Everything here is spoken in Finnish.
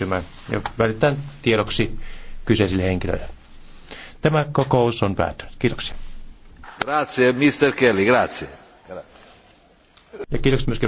ryhmä ja välitän tiedoksi kyseisille henkilöille. Tämä kokous on päättynyt. Kiitoksia. Grazie, Mr. Kelly. Grazie. grazie. Ja kiitoksia myöskin